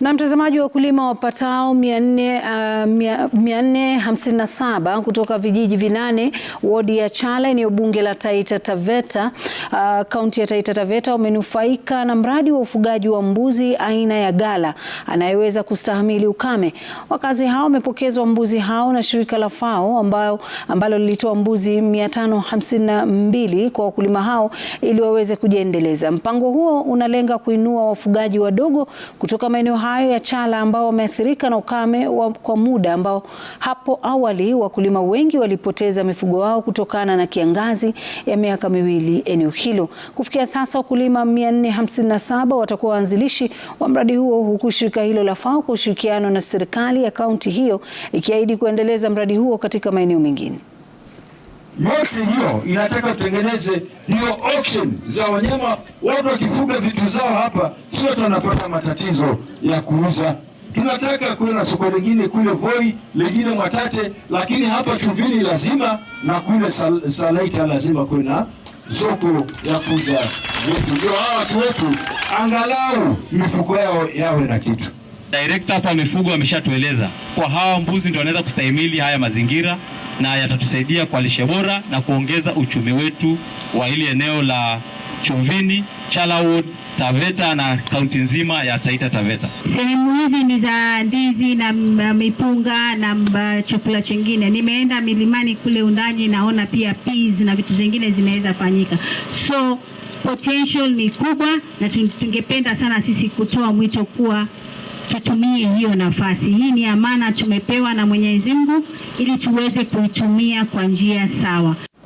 Na mtazamaji wa wakulima wapatao 457 uh, kutoka vijiji vinane wodi ya Chala eneo bunge la Taita Taveta uh, kaunti ya Taita Taveta wamenufaika na mradi wa ufugaji wa mbuzi aina ya Gala anayeweza kustahimili ukame. Wakazi hao wamepokezwa mbuzi hao na shirika la FAO ambayo, ambalo lilitoa mbuzi 552 kwa wakulima hao ili waweze kujiendeleza. Mpango huo unalenga kuinua wafugaji wadogo kutoka maeneo hayo ya Chala ambao wameathirika na ukame wa kwa muda ambao hapo awali wakulima wengi walipoteza mifugo wao kutokana na kiangazi ya miaka miwili eneo hilo. Kufikia sasa wakulima 457 watakuwa waanzilishi wa mradi huo huku shirika hilo la FAO kwa ushirikiano na serikali ya kaunti hiyo ikiahidi kuendeleza mradi huo katika maeneo mengine yote hiyo inataka tutengeneze hiyo auction za wanyama. Watu wakifuga vitu zao hapa, sio tunapata wanapata matatizo ya kuuza. Tunataka kuwe na soko lingine kule Voi, lingine Mwatate, lakini hapa chuvini lazima na kule sal, Salaita lazima kuwe na soko ya kuuza vitu, ndio hawa watu wetu angalau mifuko yao yawe na kitu. Director hapa mifugo ameshatueleza kwa hawa mbuzi ndio wanaweza kustahimili haya mazingira na yatatusaidia kwa lishe bora na kuongeza uchumi wetu wa ile eneo la Chumvini, Chalawood, Taveta na kaunti nzima ya Taita Taveta. Sehemu hizi ni za ndizi na mipunga na chakula chingine. Nimeenda milimani kule undani, naona pia peas na vitu zingine zinaweza fanyika. So potential ni kubwa na tungependa sana sisi kutoa mwito kuwa tutumie hiyo nafasi. Hii ni amana tumepewa na Mwenyezi Mungu ili tuweze kuitumia kwa njia sawa.